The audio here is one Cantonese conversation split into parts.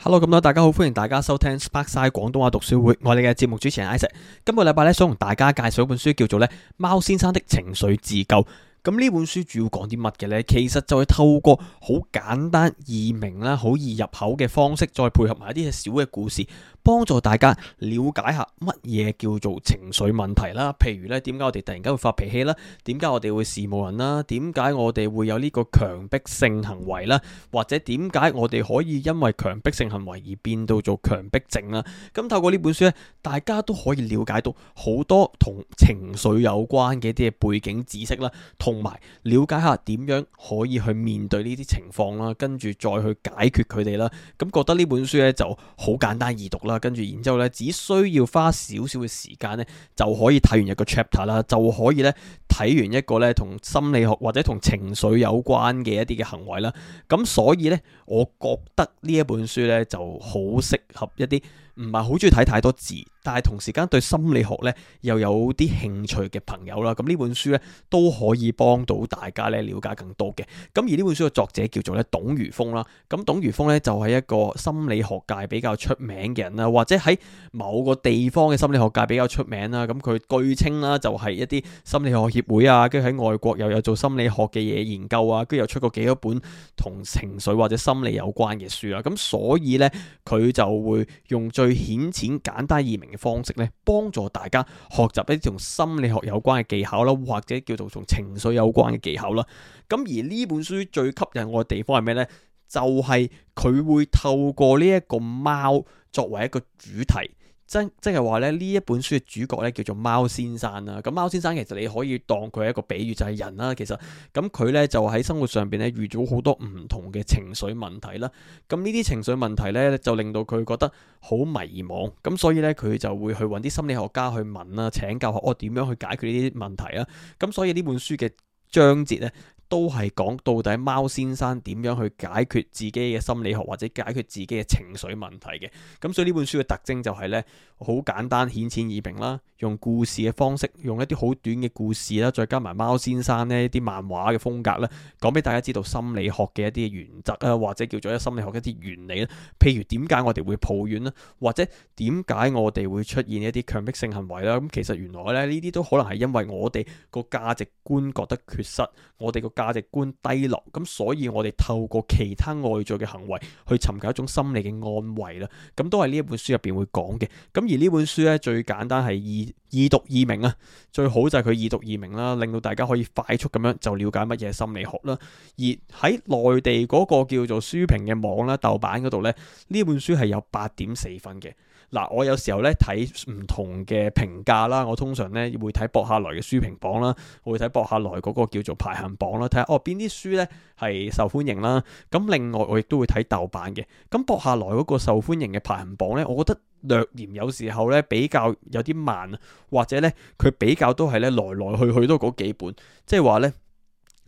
hello，咁多位，大家好，歡迎大家收聽 Sparksine 廣東話讀書會，我哋嘅節目主持人 Isaac，今個禮拜咧想同大家介紹一本書，叫做咧《貓先生的情緒自救》。咁呢本書主要講啲乜嘅呢？其實就係透過好簡單易明啦、好易入口嘅方式，再配合埋一啲小嘅故事，幫助大家了解下乜嘢叫做情緒問題啦。譬如呢，點解我哋突然間會發脾氣啦？點解我哋會事無人啦？點解我哋會有呢個強迫性行為啦？或者點解我哋可以因為強迫性行為而變到做強迫症啦？咁、嗯、透過呢本書咧，大家都可以了解到好多同情緒有關嘅一啲背景知識啦。同埋了解下點樣可以去面對呢啲情況啦，跟住再去解決佢哋啦。咁覺得呢本書咧就好簡單易讀啦，跟住然之後咧只需要花少少嘅時間咧就可以睇完一個 chapter 啦，就可以咧睇完一個咧同心理學或者同情緒有關嘅一啲嘅行為啦。咁所以咧，我覺得呢一本書咧就好適合一啲。唔係好中意睇太多字，但係同時間對心理學咧又有啲興趣嘅朋友啦，咁呢本書咧都可以幫到大家咧了解更多嘅。咁而呢本書嘅作者叫做咧董如峰啦。咁董如峰咧就係一個心理學界比較出名嘅人啦，或者喺某個地方嘅心理學界比較出名啦。咁佢據稱啦就係一啲心理學協會啊，跟住喺外國又有做心理學嘅嘢研究啊，跟住又出過幾多本同情緒或者心理有關嘅書啦。咁所以咧佢就會用最去顯淺簡單易明嘅方式咧，幫助大家學習一啲同心理學有關嘅技巧啦，或者叫做同情緒有關嘅技巧啦。咁而呢本書最吸引我嘅地方係咩呢？就係、是、佢會透過呢一個貓作為一個主題。即即係話咧呢一本書嘅主角咧叫做貓先生啦、啊，咁貓先生其實你可以當佢係一個比喻就係人啦、啊，其實咁佢咧就喺生活上邊咧遇咗好多唔同嘅情緒問題啦、啊，咁呢啲情緒問題咧就令到佢覺得好迷茫，咁、嗯、所以咧佢就會去揾啲心理學家去問啦、啊，請教學我點、哦、樣去解決呢啲問題啊，咁、嗯、所以呢本書嘅章節咧。都係講到底貓先生點樣去解決自己嘅心理學或者解決自己嘅情緒問題嘅。咁所以呢本書嘅特徵就係呢：好簡單顯淺易明啦，用故事嘅方式，用一啲好短嘅故事啦，再加埋貓先生呢啲漫畫嘅風格啦，講俾大家知道心理學嘅一啲原則啊，或者叫做一心理學一啲原理啦。譬如點解我哋會抱怨呢？或者點解我哋會出現一啲強迫性行為啦。咁其實原來咧呢啲都可能係因為我哋個價值觀覺得缺失，我哋個。價值觀低落，咁所以我哋透過其他外在嘅行為去尋求一種心理嘅安慰啦，咁都係呢一本書入邊會講嘅。咁而呢本書呢，最簡單係易易讀易明啊，最好就係佢易讀易明啦，令到大家可以快速咁樣就了解乜嘢係心理學啦。而喺內地嗰個叫做書評嘅網啦，豆瓣嗰度呢，呢本書係有八點四分嘅。嗱，我有時候咧睇唔同嘅評價啦，我通常咧會睇博客來嘅書評榜啦，我會睇博客來嗰個叫做排行榜啦，睇下哦邊啲書咧係受歡迎啦。咁另外我亦都會睇豆瓣嘅。咁博客來嗰個受歡迎嘅排行榜咧，我覺得略嫌有時候咧比較有啲慢，或者咧佢比較都係咧來來去去都嗰幾本，即係話咧。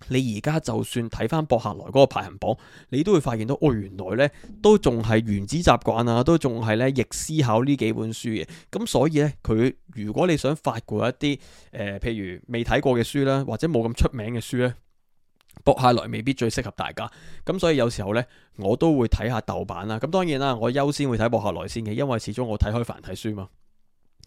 你而家就算睇翻博客來嗰個排行榜，你都會發現到，哦，原來呢都仲係原子習慣啊，都仲係呢，逆思考呢幾本書嘅。咁所以呢，佢如果你想發掘一啲誒、呃，譬如未睇過嘅書啦，或者冇咁出名嘅書呢，博客來未必最適合大家。咁所以有時候呢，我都會睇下豆瓣啦。咁當然啦，我優先會睇博客來先嘅，因為始終我睇開繁體書嘛。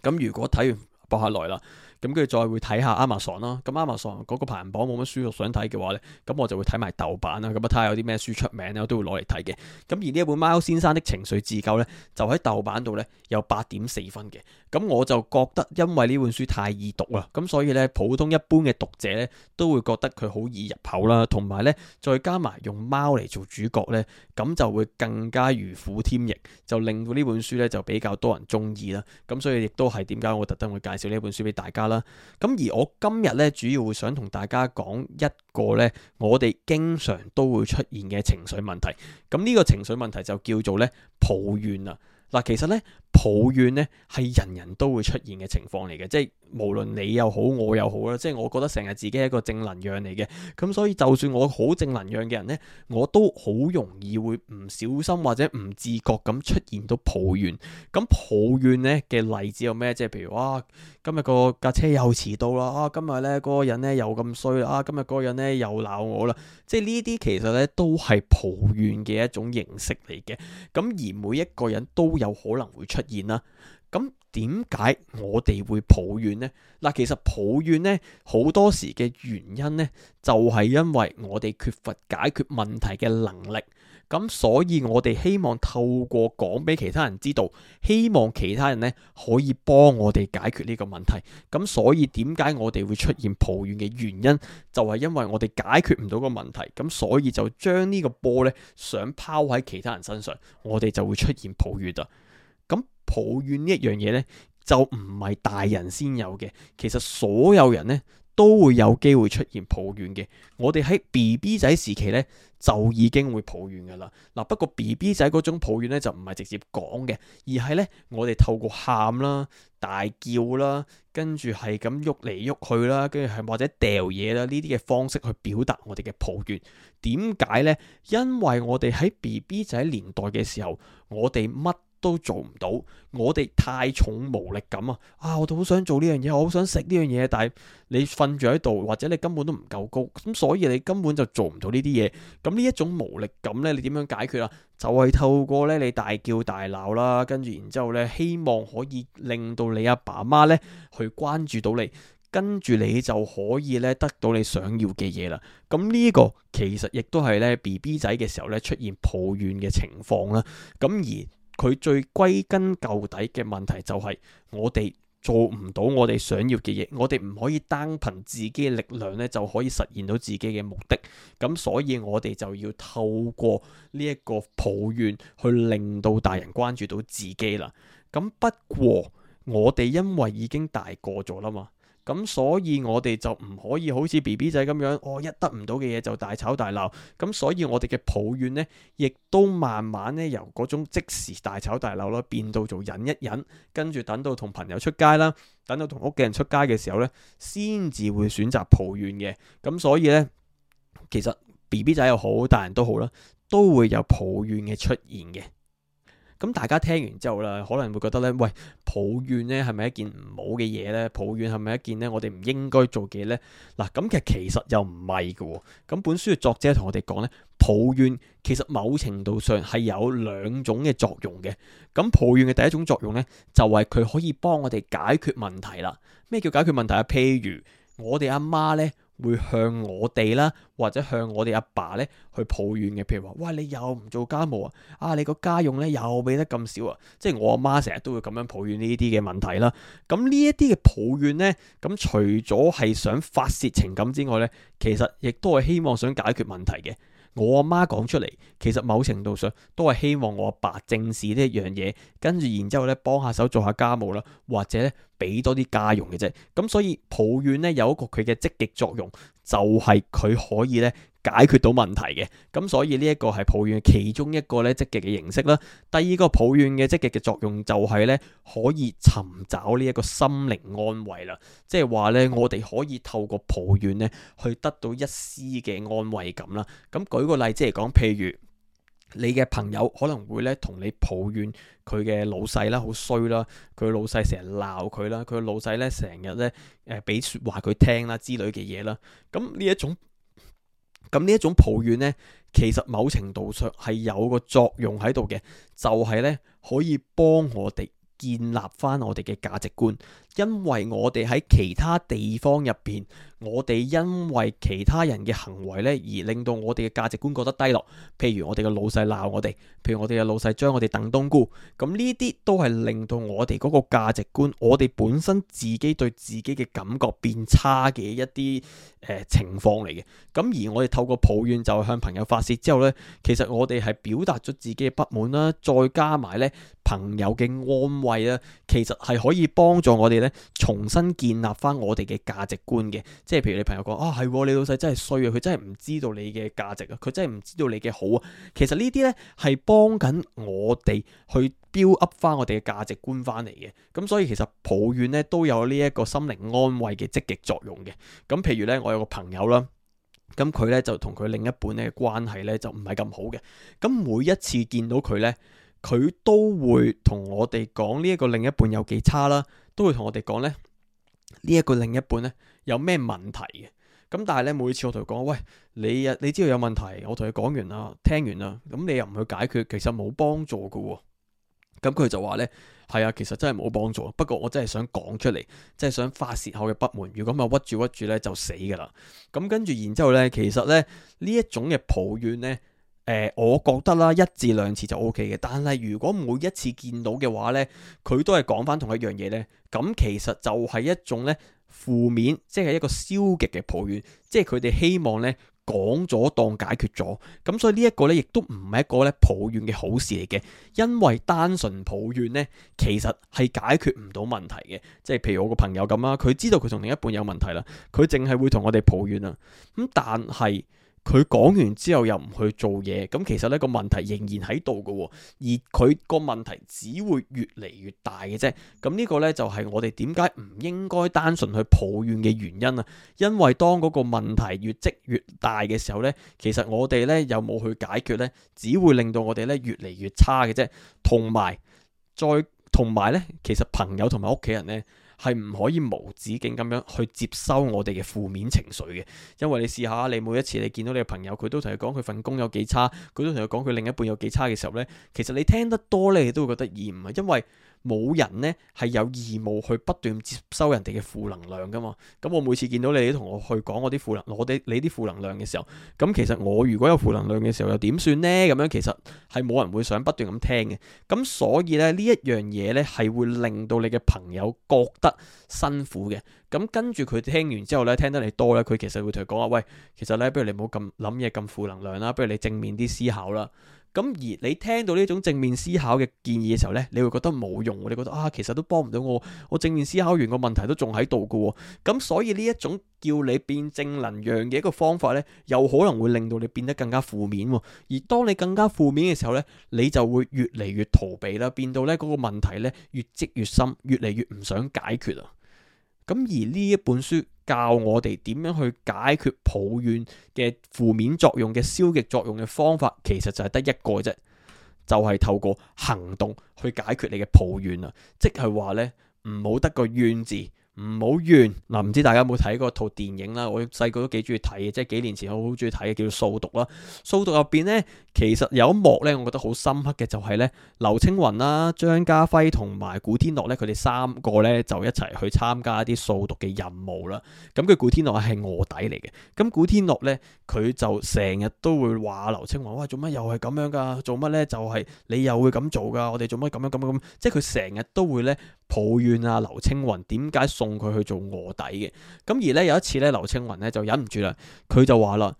咁如果睇完博客來啦。咁跟住再會睇下 Amazon 啦，咁 Amazon 嗰個排行榜冇乜書想睇嘅話呢，咁我就會睇埋豆瓣啦，咁啊睇下有啲咩書出名咧，我都會攞嚟睇嘅。咁而呢一本貓先生的情緒自救呢，就喺豆瓣度呢，有八點四分嘅。咁我就覺得因為呢本書太易讀啊，咁所以呢，普通一般嘅讀者呢，都會覺得佢好易入口啦，同埋呢，再加埋用貓嚟做主角呢，咁就會更加如虎添翼，就令到呢本書呢，就比較多人中意啦。咁所以亦都係點解我特登會介紹呢本書俾大家啦。咁而我今日咧，主要想同大家講一個咧，我哋經常都會出現嘅情緒問題。咁、這、呢個情緒問題就叫做咧抱怨啊。嗱，其實咧。抱怨呢係人人都會出現嘅情況嚟嘅，即係無論你又好我又好啦，即係我覺得成日自己係一個正能量嚟嘅，咁所以就算我好正能量嘅人呢，我都好容易會唔小心或者唔自覺咁出現到抱怨。咁抱怨呢嘅例子有咩？即係譬如哇、啊，今日個架車又遲到啦，啊今日呢嗰個人呢又咁衰啦，啊今日嗰個人呢又鬧我啦，即係呢啲其實呢都係抱怨嘅一種形式嚟嘅。咁而每一個人都有可能會出。然啦，咁點解我哋會抱怨呢？嗱，其實抱怨呢好多時嘅原因呢，就係因為我哋缺乏解決問題嘅能力，咁所以我哋希望透過講俾其他人知道，希望其他人呢可以幫我哋解決呢個問題。咁所以點解我哋會出現抱怨嘅原因，就係因為我哋解決唔到個問題，咁所以就將呢個波呢，想拋喺其他人身上，我哋就會出現抱怨啊。抱怨呢一樣嘢呢，就唔係大人先有嘅，其實所有人呢，都會有機會出現抱怨嘅。我哋喺 BB 仔時期呢，就已經會抱怨噶啦。嗱、啊，不過 BB 仔嗰種抱怨呢，就唔係直接講嘅，而係呢，我哋透過喊啦、大叫啦、跟住係咁喐嚟喐去啦，跟住係或者掉嘢啦呢啲嘅方式去表達我哋嘅抱怨。點解呢？因為我哋喺 BB 仔年代嘅時候，我哋乜都做唔到，我哋太重無力感啊！啊，我都好想做呢樣嘢，我好想食呢樣嘢，但係你瞓住喺度，或者你根本都唔夠高，咁、嗯、所以你根本就做唔到呢啲嘢。咁呢一種無力感呢，你點樣解決啊？就係、是、透過咧你大叫大鬧啦，跟住然之後呢，希望可以令到你阿爸媽呢去關注到你，跟住你就可以呢得到你想要嘅嘢啦。咁、嗯、呢、這個其實亦都係呢 BB 仔嘅時候呢出現抱怨嘅情況啦。咁、嗯、而佢最歸根究底嘅問題就係我哋做唔到我哋想要嘅嘢，我哋唔可以單憑自己嘅力量咧就可以實現到自己嘅目的。咁所以我哋就要透過呢一個抱怨去令到大人關注到自己啦。咁不過我哋因為已經大個咗啦嘛。咁所以我哋就唔可以好似 BB 仔咁樣，我、哦、一得唔到嘅嘢就大吵大鬧。咁所以我哋嘅抱怨呢，亦都慢慢咧由嗰種即時大吵大鬧咯，變到做忍一忍，跟住等到同朋友出街啦，等到同屋企人出街嘅時候呢，先至會選擇抱怨嘅。咁所以呢，其實 BB 仔又好，大人都好啦，都會有抱怨嘅出現嘅。咁大家聽完之後啦，可能會覺得咧，喂，抱怨咧係咪一件唔好嘅嘢咧？抱怨係咪一件咧我哋唔應該做嘅嘢咧？嗱，咁其實其實又唔係嘅。咁本書嘅作者同我哋講咧，抱怨其實某程度上係有兩種嘅作用嘅。咁抱怨嘅第一種作用咧，就係佢可以幫我哋解決問題啦。咩叫解決問題啊？譬如我哋阿媽咧。會向我哋啦，或者向我哋阿爸咧去抱怨嘅，譬如話：喂，你又唔做家務啊？啊，你個家用咧又俾得咁少啊！即係我阿媽成日都會咁樣抱怨呢啲嘅問題啦。咁呢一啲嘅抱怨咧，咁、嗯、除咗係想發洩情感之外咧，其實亦都係希望想解決問題嘅。我阿媽講出嚟，其實某程度上都係希望我阿爸正視呢一樣嘢，跟住然之後咧幫下手做下家務啦，或者俾多啲家用嘅啫。咁所以抱怨咧有一個佢嘅積極作用，就係佢可以咧。解決到問題嘅，咁所以呢一個係抱怨嘅其中一個咧積極嘅形式啦。第二個抱怨嘅積極嘅作用就係咧可以尋找呢一個心靈安慰啦，即係話咧我哋可以透過抱怨咧去得到一絲嘅安慰感啦。咁舉個例子嚟講，譬如你嘅朋友可能會咧同你抱怨佢嘅老細啦，好衰啦，佢老細成日鬧佢啦，佢老細咧成日咧誒俾説話佢聽啦之類嘅嘢啦。咁呢一種。咁呢一種抱怨呢，其實某程度上係有個作用喺度嘅，就係呢，可以幫我哋建立返我哋嘅價值觀。因為我哋喺其他地方入邊，我哋因為其他人嘅行為呢，而令到我哋嘅價值觀覺得低落。譬如我哋嘅老細鬧我哋，譬如我哋嘅老細將我哋炆冬菇，咁呢啲都係令到我哋嗰個價值觀，我哋本身自己對自己嘅感覺變差嘅一啲、呃、情況嚟嘅。咁而我哋透過抱怨就向朋友發洩之後呢，其實我哋係表達咗自己嘅不滿啦，再加埋呢朋友嘅安慰啦，其實係可以幫助我哋。重新建立翻我哋嘅價值觀嘅，即係譬如你朋友講啊，係你老細真係衰啊，佢真係唔知道你嘅價值啊，佢真係唔知道你嘅好啊。其實呢啲呢係幫緊我哋去 build up 翻我哋嘅價值觀翻嚟嘅。咁所以其實抱怨呢都有呢一個心靈安慰嘅積極作用嘅。咁譬如呢，我有個朋友啦，咁佢呢就同佢另一半呢關係呢就唔係咁好嘅。咁每一次見到佢呢，佢都會同我哋講呢一個另一半有幾差啦、啊。都會同我哋講呢，呢一個另一半呢，有咩問題嘅？咁但係呢，每次我同佢講，喂，你啊，你知道有問題，我同你講完啦，聽完啦，咁你又唔去解決，其實冇幫助嘅哦。咁佢就話呢，係啊，其實真係冇幫助，不過我真係想講出嚟，即係想發泄口嘅不滿。如果咪屈住屈住呢，就死噶啦。咁跟住，然之後呢，其實呢，呢一種嘅抱怨呢。誒、呃，我覺得啦，一至兩次就 OK 嘅，但係如果每一次見到嘅話呢，佢都係講翻同一樣嘢呢。咁其實就係一種呢負面，即係一個消極嘅抱怨，即係佢哋希望呢講咗當解決咗，咁所以呢一個呢，亦都唔係一個呢抱怨嘅好事嚟嘅，因為單純抱怨呢，其實係解決唔到問題嘅，即係譬如我個朋友咁啦，佢知道佢同另一半有問題啦，佢淨係會同我哋抱怨啊，咁但係，佢講完之後又唔去做嘢，咁其實呢個問題仍然喺度嘅喎，而佢個問題只會越嚟越大嘅啫。咁呢個呢，就係我哋點解唔應該單純去抱怨嘅原因啊！因為當嗰個問題越積越大嘅時候呢，其實我哋呢又冇去解決呢，只會令到我哋呢越嚟越差嘅啫。同埋再同埋呢，其實朋友同埋屋企人呢。係唔可以無止境咁樣去接收我哋嘅負面情緒嘅，因為你試下，你每一次你見到你嘅朋友，佢都同你講佢份工有幾差，佢都同你講佢另一半有幾差嘅時候呢，其實你聽得多呢，你都會覺得厭，唔係啊，因為。冇人呢係有義務去不斷接收人哋嘅負能量㗎嘛？咁我每次見到你都同我去講我啲負能，我哋你啲負能量嘅時候，咁其實我如果有負能量嘅時候又點算呢？咁樣其實係冇人會想不斷咁聽嘅。咁所以咧呢一樣嘢呢係會令到你嘅朋友覺得辛苦嘅。咁跟住佢聽完之後呢，聽得你多呢，佢其實會同佢講話：喂，其實呢，不如你唔好咁諗嘢，咁負能量啦，不如你正面啲思考啦。咁而你聽到呢種正面思考嘅建議嘅時候呢，你會覺得冇用，你覺得啊其實都幫唔到我，我正面思考完個問題都仲喺度嘅喎。咁、啊、所以呢一種叫你變正能量嘅一個方法呢，又可能會令到你變得更加負面喎、啊。而當你更加負面嘅時候呢，你就會越嚟越逃避啦，變到呢嗰個問題呢越積越深，越嚟越唔想解決啊。咁而呢一本書教我哋點樣去解決抱怨嘅負面作用嘅、消極作用嘅方法，其實就係得一個啫，就係透過行動去解決你嘅抱怨啊！即係話呢，唔好得個怨字。唔好怨，嗱，唔知大家有冇睇過套電影啦？我細個都幾中意睇嘅，即係幾年前我好中意睇嘅，叫做《掃毒》啦。《掃毒》入邊呢，其實有一幕呢，我覺得好深刻嘅就係呢，劉青雲啦、張家輝同埋古天樂呢，佢哋三個呢，就一齊去參加一啲掃毒嘅任務啦。咁佢古天樂係臥底嚟嘅。咁古天樂呢，佢就成日都會話劉青雲，哇，做乜又係咁樣噶？做乜呢？就係你又會咁做噶？我哋做乜咁樣咁樣咁？即係佢成日都會呢。抱怨啊，劉青雲點解送佢去做卧底嘅？咁而呢，有一次呢，劉青雲呢就忍唔住啦，佢就話啦：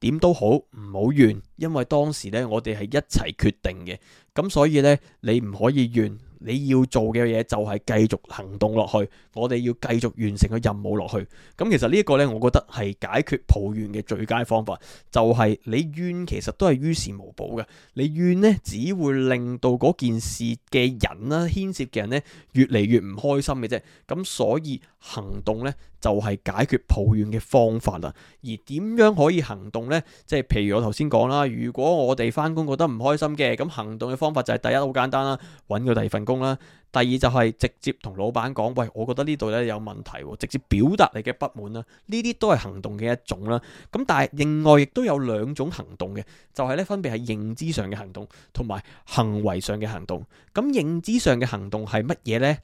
點都好，唔好怨，因為當時呢，我哋係一齊決定嘅，咁所以呢，你唔可以怨。你要做嘅嘢就係繼續行動落去，我哋要繼續完成個任務落去。咁其實呢一個呢，我覺得係解決抱怨嘅最佳方法，就係你怨其實都係於事無補嘅，你怨呢，只會令到嗰件事嘅人啦，牽涉嘅人呢，越嚟越唔開心嘅啫。咁所以行動呢。就係解決抱怨嘅方法啦，而點樣可以行動呢？即係譬如我頭先講啦，如果我哋翻工覺得唔開心嘅，咁行動嘅方法就係第一好簡單啦，揾個第二份工啦。第二就係直接同老闆講，喂，我覺得呢度咧有問題，直接表達你嘅不滿啦，呢啲都係行動嘅一種啦。咁但係另外亦都有兩種行動嘅，就係、是、咧分別係認知上嘅行動同埋行為上嘅行動。咁、嗯、認知上嘅行動係乜嘢呢？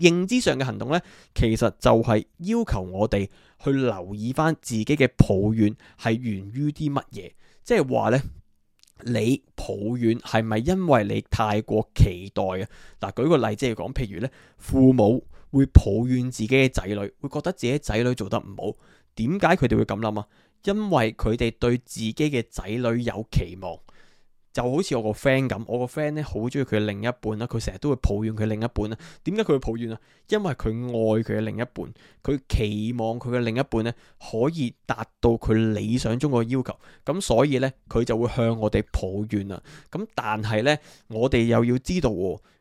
認知上嘅行動呢，其實就係要求我哋去留意返自己嘅抱怨係源於啲乜嘢，即係話呢。你抱怨係咪因為你太過期待啊？嗱，舉個例子嚟講，譬如咧，父母會抱怨自己嘅仔女，會覺得自己仔女做得唔好，點解佢哋會咁諗啊？因為佢哋對自己嘅仔女有期望。就好似我個 friend 咁，我個 friend 咧好中意佢嘅另一半啦，佢成日都會抱怨佢另一半啦。點解佢會抱怨啊？因為佢愛佢嘅另一半，佢期望佢嘅另一半咧可以達到佢理想中嘅要求，咁所以咧佢就會向我哋抱怨啦。咁但係咧，我哋又要知道。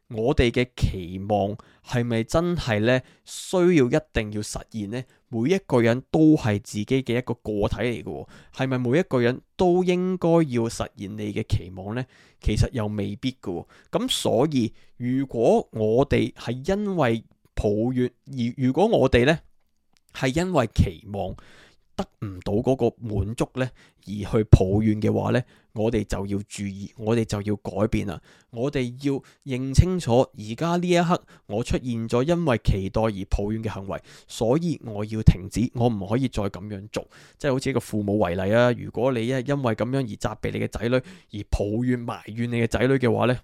我哋嘅期望係咪真係呢？需要一定要實現呢？每一個人都係自己嘅一個個體嚟㗎喎，係咪每一個人都應該要實現你嘅期望呢？其實又未必㗎喎。咁所以，如果我哋係因為抱怨而，如果我哋呢係因為期望。得唔到嗰個滿足呢，而去抱怨嘅話呢，我哋就要注意，我哋就要改變喇！我哋要認清楚而家呢一刻，我出現咗因為期待而抱怨嘅行為，所以我要停止，我唔可以再咁樣做。即係好似一個父母為例啊，如果你係因為咁樣而責備你嘅仔女，而抱怨埋怨你嘅仔女嘅話呢，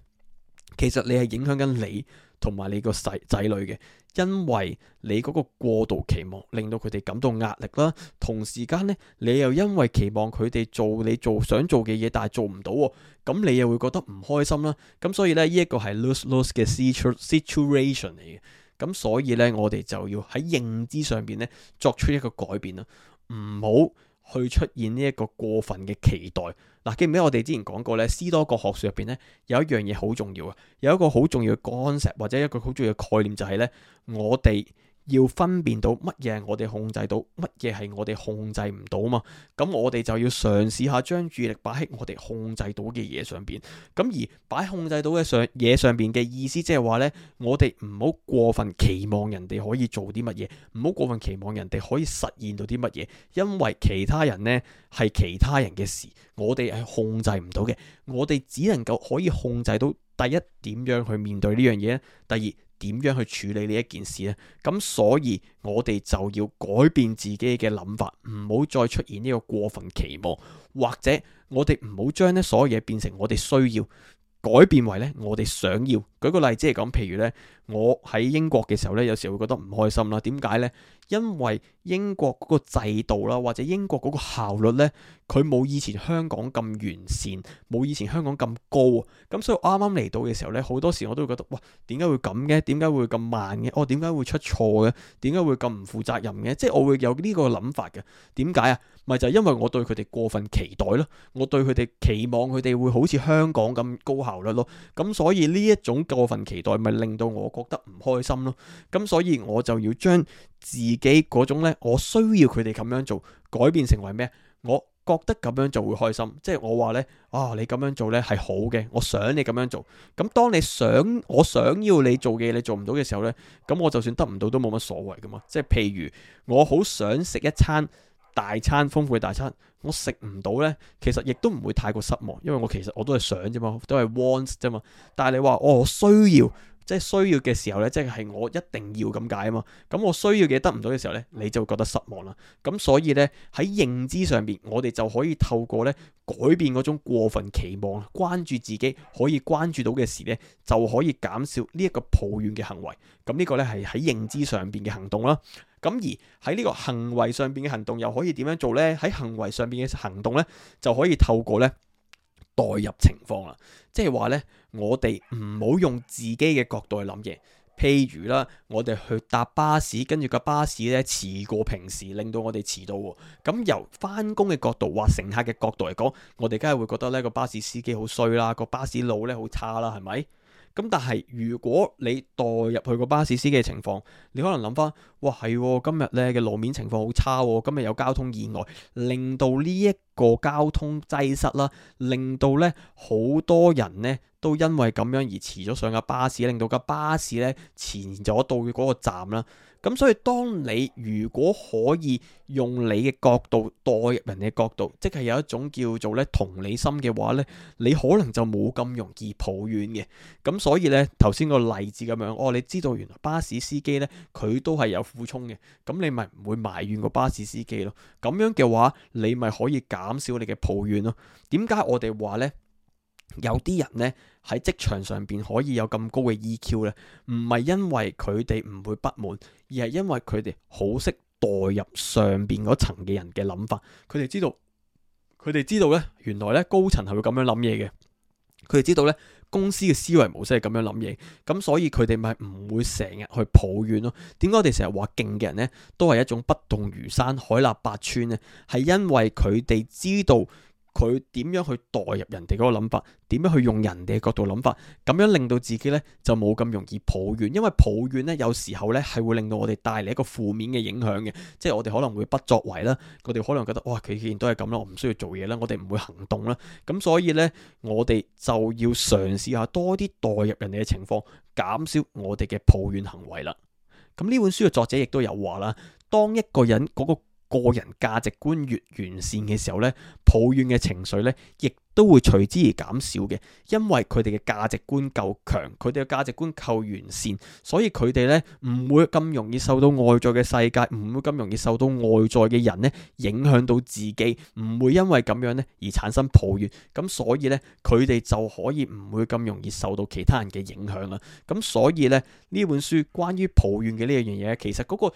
其實你係影響緊你。同埋你個細仔女嘅，因為你嗰個過度期望，令到佢哋感到壓力啦。同時間咧，你又因為期望佢哋做你做想做嘅嘢，但係做唔到，哦，咁你又會覺得唔開心啦。咁所以咧，呢一個係 lose lose 嘅 situation 嚟嘅。咁所以咧，我哋就要喺認知上邊咧作出一個改變啦，唔好去出現呢一個過分嘅期待，嗱、啊、記唔記得我哋之前講過咧？斯多葛學術入邊咧，有一樣嘢好重要啊，有一個好重要嘅觀念或者一個好重要嘅概念就係咧，我哋。要分辨到乜嘢係我哋控制到，乜嘢係我哋控制唔到嘛？咁我哋就要嘗試下將注意力擺喺我哋控制到嘅嘢上邊。咁而擺控制到嘅上嘢上邊嘅意思，即係話呢，我哋唔好過分期望人哋可以做啲乜嘢，唔好過分期望人哋可以實現到啲乜嘢，因為其他人呢，係其他人嘅事，我哋係控制唔到嘅。我哋只能夠可以控制到第一，點樣去面對呢樣嘢，第二，點樣去處理呢一件事呢？咁所以我哋就要改變自己嘅諗法，唔好再出現呢個過分期望，或者我哋唔好將呢所有嘢變成我哋需要，改變為呢我哋想要。舉個例子嚟講，譬如呢。我喺英國嘅時候呢，有時會覺得唔開心啦、啊。點解呢？因為英國嗰個制度啦、啊，或者英國嗰個效率呢，佢冇以前香港咁完善，冇以前香港咁高啊。咁所以啱啱嚟到嘅時候呢，好多時我都會覺得，哇，點解會咁嘅？點解會咁慢嘅？我點解會出錯嘅？點解會咁唔負責任嘅？即係我會有個呢個諗法嘅。點解啊？咪就係、是、因為我對佢哋過分期待咯、啊。我對佢哋期望佢哋會好似香港咁高效率咯、啊。咁所以呢一種過分期待咪令到我。覺得唔開心咯，咁所以我就要將自己嗰種呢，我需要佢哋咁樣做，改變成為咩？我覺得咁樣做會開心，即係我話呢，啊你咁樣做呢係好嘅，我想你咁樣做。咁當你想我想要你做嘅嘢，你做唔到嘅時候呢，咁我就算得唔到都冇乜所謂噶嘛。即係譬如我好想食一餐大餐，大餐豐富嘅大餐，我食唔到呢，其實亦都唔會太過失望，因為我其實我都係想啫嘛，都係 wants 啫嘛。但係你話、哦、我需要。即係需要嘅時候咧，即係我一定要咁解啊嘛。咁我需要嘅嘢得唔到嘅時候咧，你就會覺得失望啦。咁所以咧，喺認知上邊，我哋就可以透過咧改變嗰種過分期望，關注自己可以關注到嘅事咧，就可以減少呢一個抱怨嘅行為。咁呢個咧係喺認知上邊嘅行動啦。咁而喺呢個行為上邊嘅行動又可以點樣做咧？喺行為上邊嘅行動咧，就可以透過咧。代入情況啦，即係話呢，我哋唔好用自己嘅角度去諗嘢。譬如啦，我哋去搭巴士，跟住個巴士呢遲過平時，令我遲到我哋遲到喎。咁由返工嘅角度或乘客嘅角度嚟講，我哋梗係會覺得呢個巴士司機好衰啦，個巴士路呢好差啦，係咪？咁但係如果你代入去個巴士司機嘅情況，你可能諗返，哇，係喎，今日呢嘅路面情況好差，今日有交通意外，令到呢、這、一、個個交通擠塞啦，令到咧好多人咧都因為咁樣而遲咗上架巴士，令到架巴士咧遲咗到嗰個站啦。咁所以，當你如果可以用你嘅角度代入人嘅角度，即係有一種叫做咧同理心嘅話咧，你可能就冇咁容易抱怨嘅。咁所以咧，頭先個例子咁樣，哦，你知道原來巴士司機咧佢都係有苦衷嘅，咁你咪唔會埋怨個巴士司機咯。咁樣嘅話，你咪可以揀。減少你嘅抱怨咯。點解我哋話呢？有啲人呢，喺職場上邊可以有咁高嘅 EQ 呢，唔係因為佢哋唔會不滿，而係因為佢哋好識代入上邊嗰層嘅人嘅諗法。佢哋知道，佢哋知道呢，原來呢，高層係會咁樣諗嘢嘅。佢哋知道呢。公司嘅思維模式係咁樣諗嘢，咁所以佢哋咪唔會成日去抱怨咯。點解我哋成日話勁嘅人呢？都係一種不動如山、海納百川呢，係因為佢哋知道。佢點樣去代入人哋嗰個諗法？點樣去用人哋嘅角度諗法？咁樣令到自己呢就冇咁容易抱怨，因為抱怨呢，有時候呢係會令到我哋帶嚟一個負面嘅影響嘅，即係我哋可能會不作為啦，我哋可能覺得哇，佢既然都係咁啦，我唔需要做嘢啦，我哋唔會行動啦。咁所以呢，我哋就要嘗試下多啲代入人哋嘅情況，減少我哋嘅抱怨行為啦。咁、嗯、呢本書嘅作者亦都有話啦，當一個人嗰、嗰個。個人價值觀越完善嘅時候呢，抱怨嘅情緒呢亦都會隨之而減少嘅，因為佢哋嘅價值觀夠強，佢哋嘅價值觀夠完善，所以佢哋呢唔會咁容易受到外在嘅世界，唔會咁容易受到外在嘅人呢影響到自己，唔會因為咁樣呢而產生抱怨，咁所以呢，佢哋就可以唔會咁容易受到其他人嘅影響啦。咁所以呢，呢本書關於抱怨嘅呢樣嘢，其實嗰個。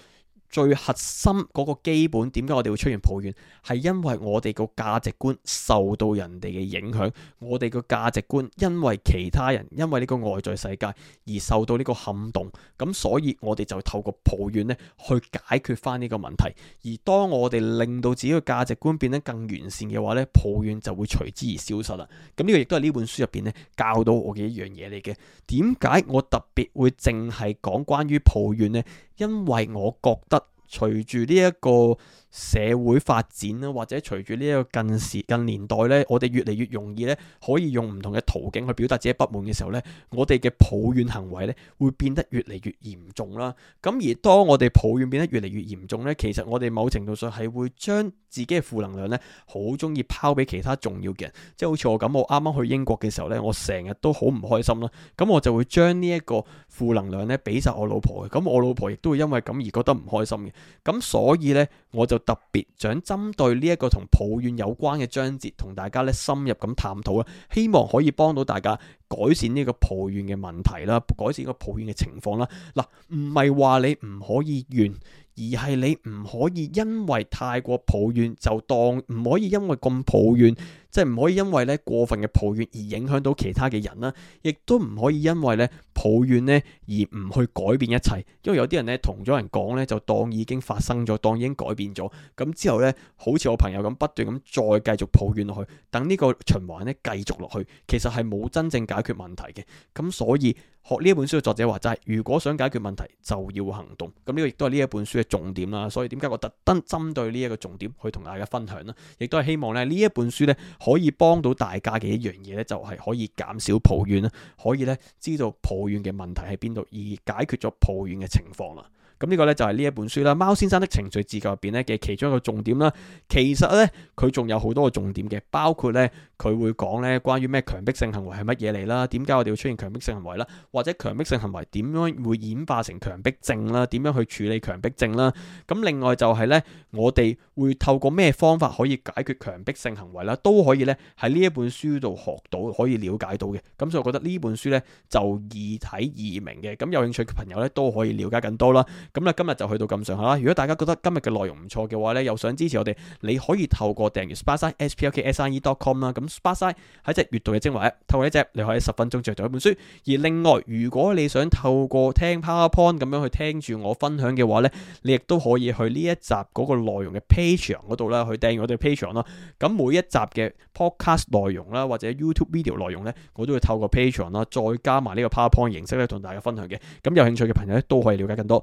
最核心嗰個基本，點解我哋會出現抱怨，係因為我哋個價值觀受到人哋嘅影響，我哋個價值觀因為其他人，因為呢個外在世界而受到呢個撼動，咁所以我哋就透過抱怨呢去解決翻呢個問題。而當我哋令到自己嘅價值觀變得更完善嘅話呢，抱怨就會隨之而消失啦。咁呢個亦都係呢本書入邊呢教到我嘅一樣嘢嚟嘅。點解我特別會淨係講關於抱怨呢？因為我覺得隨住呢一個社會發展啦，或者隨住呢一個近時近年代咧，我哋越嚟越容易咧，可以用唔同嘅途徑去表達自己不滿嘅時候咧，我哋嘅抱怨行為咧會變得越嚟越嚴重啦。咁而當我哋抱怨變得越嚟越嚴重咧，其實我哋某程度上係會將自己嘅負能量咧，好中意拋俾其他重要嘅人，即係好似我咁，我啱啱去英國嘅時候咧，我成日都好唔開心啦。咁我就會將呢一個負能量咧，俾晒我老婆嘅。咁我老婆亦都會因為咁而覺得唔開心嘅。咁所以咧，我就特別想針對呢一個同抱怨有關嘅章節，同大家咧深入咁探討啦，希望可以幫到大家改善呢個抱怨嘅問題啦，改善呢個抱怨嘅情況啦。嗱，唔係話你唔可以怨。而係你唔可以因為太過抱怨，就當唔可以因為咁抱怨。即係唔可以因為咧過分嘅抱怨而影響到其他嘅人啦，亦都唔可以因為咧抱怨咧而唔去改變一切，因為有啲人咧同咗人講咧就當已經發生咗，當已經改變咗，咁之後咧好似我朋友咁不斷咁再繼續抱怨落去，等呢個循環咧繼續落去，其實係冇真正解決問題嘅。咁所以學呢一本書嘅作者話齋，如果想解決問題就要行動。咁呢個亦都係呢一本書嘅重點啦。所以點解我特登針對呢一個重點去同大家分享啦？亦都係希望咧呢一本書咧。可以幫到大家嘅一樣嘢咧，就係可以減少抱怨啦，可以咧知道抱怨嘅問題喺邊度，而解決咗抱怨嘅情況啦。咁呢個呢，就係呢一本書啦，《貓先生的情緒自救》入邊呢嘅其中一個重點啦。其實呢，佢仲有好多個重點嘅，包括呢，佢會講呢關於咩強迫性行為係乜嘢嚟啦？點解我哋會出現強迫性行為啦？或者強迫性行為點樣會演化成強迫症啦？點樣去處理強迫症啦？咁、嗯、另外就係呢，我哋會透過咩方法可以解決強迫性行為啦？都可以呢喺呢一本書度學到可以了解到嘅。咁、嗯、所以我覺得呢本書呢，就易睇易明嘅。咁、嗯、有興趣嘅朋友呢，都可以了解更多啦。咁咧今日就去到咁上下啦。如果大家覺得今日嘅內容唔錯嘅話呢，又想支持我哋，你可以透過訂閱 Sparksine sparksine.com 啦。咁 Sparksine 係隻閱讀嘅精華，透過一隻你可以十分鐘着讀一本書。而另外，如果你想透過聽 PowerPoint 咁樣去聽住我分享嘅話呢，你亦都可以去呢一集嗰個內容嘅 Patreon 嗰度啦，去訂閱我哋 Patreon 啦。咁每一集嘅 Podcast 內容啦，或者 YouTube video 內容呢，我都會透過 Patreon 啦，再加埋呢個 PowerPoint 形式咧，同大家分享嘅。咁有興趣嘅朋友都可以了解更多。